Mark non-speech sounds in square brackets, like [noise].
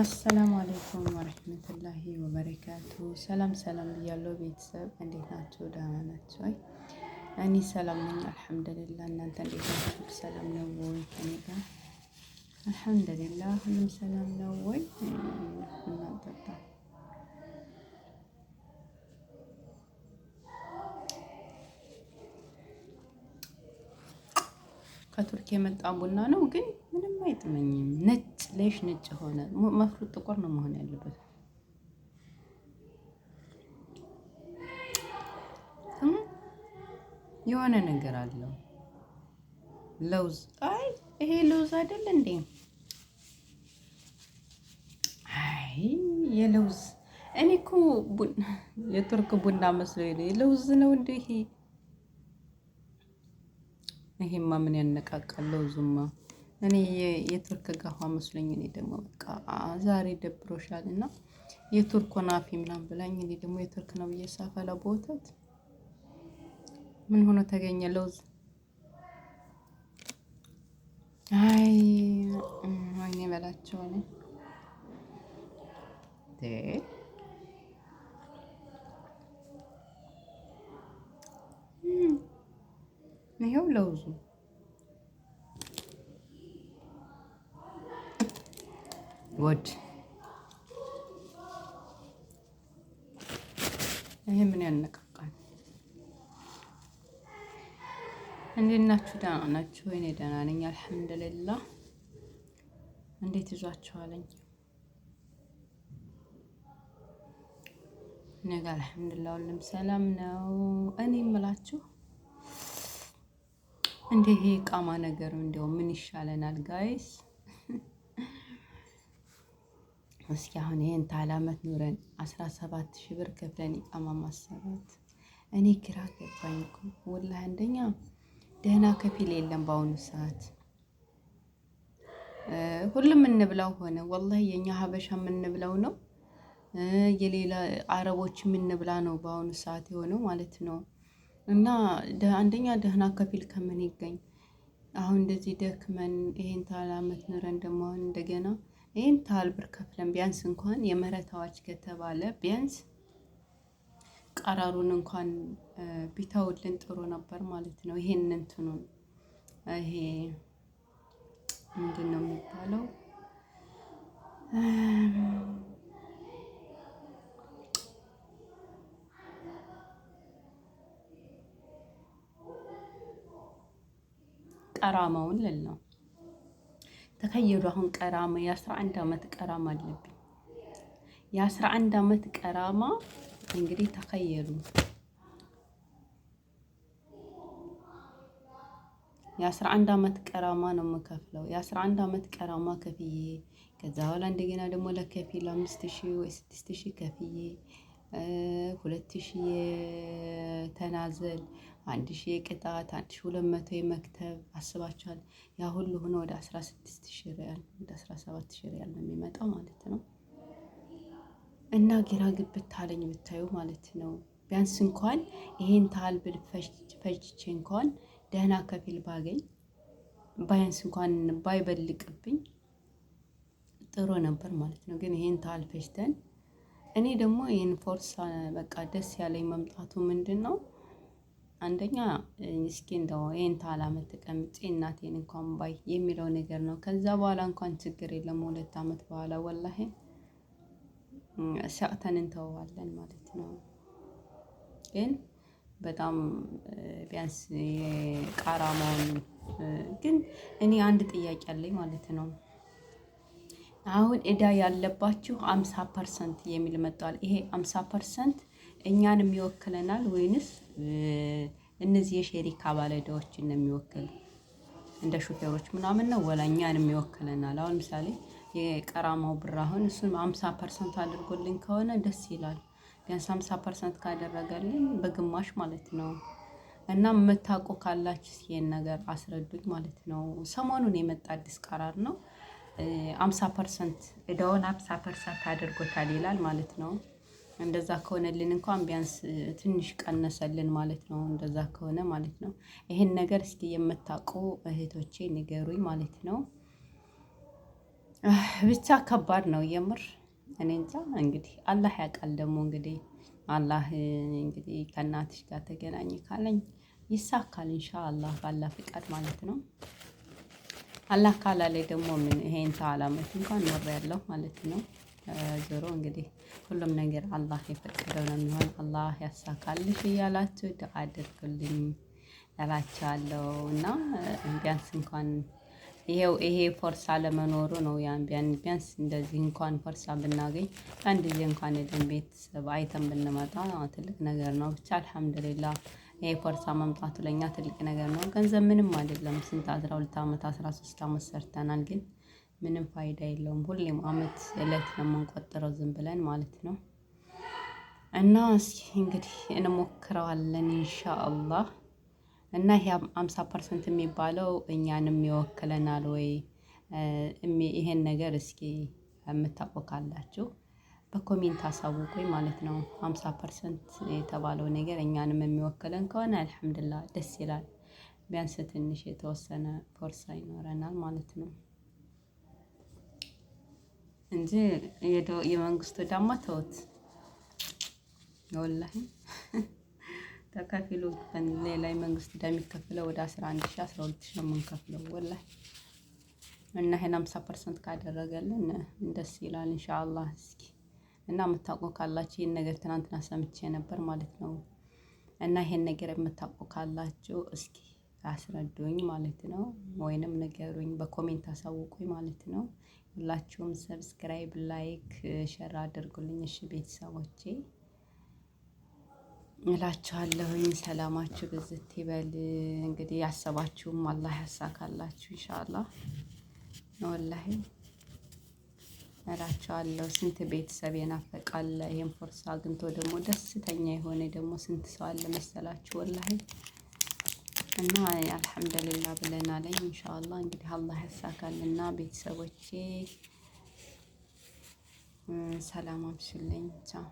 አሰላሙ አለይኩም ወረህመቱላሂ ወበረካቱ። ሰላም ሰላም ብያለሁ ቤተሰብ፣ እንዴት ናቸው? ደህና ናቸው? እኔ ሰላም ነኝ አልሐምዱሊላ። እናንተ እንዴት ናችሁ? ሰላም ነው ወይ? ከእኔ ጋር አልሐምዱሊላ ሁሉም ሰላም ነው ወይ? እናጠጣ ከቱርክ የመጣ ቡና ነው ግን አይጥመኝም። ነጭ ለሽ ነጭ ሆነ መፍሩት ጥቁር ነው መሆን ያለበት። የሆነ ነገር አለው። ለውዝ አይ ይሄ ለውዝ አይደል እንዴ? አይ የለውዝ እኔ እኮ [laughs] የቱርክ ቡና መስሎ ለውዝ ነው እንደ ይሄ ይሄማ ምን ያነቃቃል ለውዝማ እኔ የቱርክ ጋኋ መስሎኝ እኔ ደግሞ በቃ ዛሬ ደብሮሻል እና የቱርክ ናፊ ምናምን ብላኝ እኔ ደግሞ የቱርክ ነው ብዬ ሳፈላ በወተት ምን ሆኖ ተገኘ ለውዝ። አይ ወይኔ በላቸው እኔ ይኸው ለውዙ ወድ ይሄ ምን ያነቃቃል? እንዴት ናችሁ? ደህና ናችሁ? እኔ ደህና ነኝ አልሐምዱሊላህ። እንዴት ይዟችኋለኝ? እኔ ጋር አልሐምዱሊላህ ሁሉም ሰላም ነው። እኔ የምላችሁ እንደ ይሄ ቃማ ነገር እንደው ምን ይሻለናል ጋይስ እስኪ አሁን ይህን ታህል ዓመት ኑረን አስራ ሰባት ሺህ ብር ከፍለን ኢቃማ ማሰባት እኔ ግራ ገባኝ እኮ ወላሂ። አንደኛ ደህና ከፊል የለም በአሁኑ ሰዓት ሁሉም እንብላው ሆነ ወላሂ የኛ ሀበሻ የምንብላው ነው፣ የሌላ አረቦች የምንብላ ነው በአሁኑ ሰዓት የሆነው ማለት ነው። እና አንደኛ ደህና ከፊል ከምን ይገኝ አሁን እንደዚህ ደክመን ይሄን ታህል ዓመት ኑረን ደግሞ አሁን እንደገና ይህን ታህል ብር ከፍለን ቢያንስ እንኳን የምህረት አዋጅ ከተባለ ቢያንስ ቀራሩን እንኳን ቢታውልን ጥሩ ነበር ማለት ነው። ይሄን እንትኑን ይሄ ምንድን ነው የሚባለው? ቀራማውን ልል ነው ተከየሉ አሁን ቀራማ የአስራ አንድ ዓመት ቀራማ አለብኝ። የአስራ አንድ ዓመት ቀራማ እንግዲህ ተከየሉ የአስራ አንድ ዓመት ቀራማ ነው የምከፍለው። የአስራ አንድ ዓመት ቀራማ ከፍዬ ከዛ በኋላ እንደገና ደግሞ ለከፊል አምስት ሺህ ወይ ስድስት ሺህ ከፍዬ ሁለት ሺህ የተናዘል አንድ ሺህ የቅጣት አንድ ሺህ ሁለት መቶ የመክተብ አስባችኋል። ያ ሁሉ ሆኖ ወደ አስራ ስድስት ሺህ ሪያል ወደ አስራ ሰባት ሺህ ሪያል ነው የሚመጣው ማለት ነው። እና ግራ ግብት ታለኝ ብታዩ ማለት ነው። ቢያንስ እንኳን ይሄን ታህል ብል ፈጅቼ እንኳን ደህና ከፊል ባገኝ ባያንስ እንኳን ባይበልቅብኝ ጥሩ ነበር ማለት ነው። ግን ይሄን ታህል ፈጅተን እኔ ደግሞ ይህን ፎርሳ በቃ ደስ ያለኝ መምጣቱ ምንድን ነው አንደኛ እስኪ እንደው ይሄን ታህል አመት ተቀምጬ እናቴን እንኳን ባይ የሚለው ነገር ነው። ከዛ በኋላ እንኳን ችግር የለም። ሁለት አመት በኋላ ወላሂ ሸቅተን እንተዋለን ማለት ነው። ግን በጣም ቢያንስ የቃራማውን ግን እኔ አንድ ጥያቄ አለኝ ማለት ነው። አሁን እዳ ያለባችሁ አምሳ ፐርሰንት የሚል መጥቷል። ይሄ አምሳ ፐርሰንት እኛን የሚወክለናል ወይንስ እነዚህ የሼሪካ ባለዕዳዎችን ነው የሚወክል? እንደ ሹፌሮች ምናምን ነው ወላ የሚወክለናል? አሁን ምሳሌ የቀራማው ብር አሁን እሱን አምሳ ፐርሰንት አድርጎልኝ ከሆነ ደስ ይላል። ቢያንስ አምሳ ፐርሰንት ካደረገልኝ በግማሽ ማለት ነው። እና የምታውቁ ካላችሁ ይሄን ነገር አስረዱኝ ማለት ነው። ሰሞኑን የመጣ አዲስ ቀራር ነው። አምሳ ፐርሰንት እዳውን አምሳ ፐርሰንት አድርጎታል ይላል ማለት ነው። እንደዛ ከሆነልን እንኳን ቢያንስ ትንሽ ቀነሰልን ማለት ነው። እንደዛ ከሆነ ማለት ነው። ይህን ነገር እስኪ የምታውቁ እህቶቼ ንገሩኝ ማለት ነው። ብቻ ከባድ ነው የምር። እኔ እንጃ እንግዲህ አላህ ያውቃል። ደግሞ እንግዲህ አላህ እንግዲህ ከእናትሽ ጋር ተገናኝ ካለኝ ይሳካል ኢንሻአላህ ባላ ፍቃድ ማለት ነው። አላህ ካላለ ደግሞ ምን ይሄን ተዓላመት እንኳን ኖር ያለው ማለት ነው። ዞሮ እንግዲህ ሁሉም ነገር አላህ የፈቀደው ነው የሚሆን። አላህ ያሳካልሽ እያላችሁ ዱዓ አድርጉልኝ እላቸዋለሁ እና ቢያንስ እንኳን ይሄው ይሄ ፎርሳ ለመኖሩ ነው ያን ቢያንስ እንደዚህ እንኳን ፎርሳ ብናገኝ አንድ ጊዜ እንኳን የደን ቤተሰብ አይተን ብንመጣ ትልቅ ነገር ነው። ብቻ አልሐምዱሊላ ይሄ ፎርሳ መምጣቱ ለእኛ ትልቅ ነገር ነው። ገንዘብ ምንም አይደለም። ስንት አስራ ሁለት ዓመት አስራ ሶስት ዓመት ሰርተናል ግን ምንም ፋይዳ የለውም። ሁሌም አመት እለት ነው የምንቆጥረው ዝም ብለን ማለት ነው። እና እስኪ እንግዲህ እንሞክረዋለን ኢንሻአላህ። እና ይሄ አምሳ ፐርሰንት የሚባለው እኛንም ይወክለናል ወይ? ይሄን ነገር እስኪ የምታውቁ ካላችሁ በኮሜንት አሳውቁኝ ማለት ነው። አምሳ ፐርሰንት የተባለው ነገር እኛንም የሚወክለን ከሆነ አልሐምዱሊላህ ደስ ይላል። ቢያንስ ትንሽ የተወሰነ ፎርሳ ይኖረናል ማለት ነው። እንጂ የመንግስቱ ዳማ ተውት። ወላሂ [laughs] ተከፊሉ ላይ መንግስት ዳ የሚከፍለው ወደ 11 ሺህ 12 ሺህ ነው የምንከፍለው ወላሂ። እና ይሄን 50 ፐርሰንት ካደረገልን እንደስ ይላል ኢንሻአላህ። እስኪ እና የምታውቁ ካላችሁ ይሄን ነገር ትናንትና ሰምቼ ነበር ማለት ነው። እና ይሄን ነገር የምታውቁ ካላችሁ እስኪ አስረዱኝ ማለት ነው። ወይንም ንገሩኝ በኮሜንት አሳውቁኝ ማለት ነው። ሁላችሁም ሰብስክራይብ፣ ላይክ፣ ሸር አድርጉልኝ እሺ ቤተሰቦቼ እላችኋለሁኝ። ሰላማችሁ ብዝት ይበል። እንግዲህ ያሰባችሁም አላህ ያሳካላችሁ ኢንሻአላህ። ወላሂ እላችኋለሁ ስንት ቤተሰብ የናፈቃለ ይሄን ፎርስ አግኝቶ ደግሞ ደስተኛ የሆነ ደግሞ ስንት ሰው አለ መሰላችሁ ወላሂ እና አልሐምደልላ ብለናለኝ። እንሻአላ እንግዲህ አላህ ያሳካልና ቤተሰቦቼ ሰላም አብሽልኝ። ቻው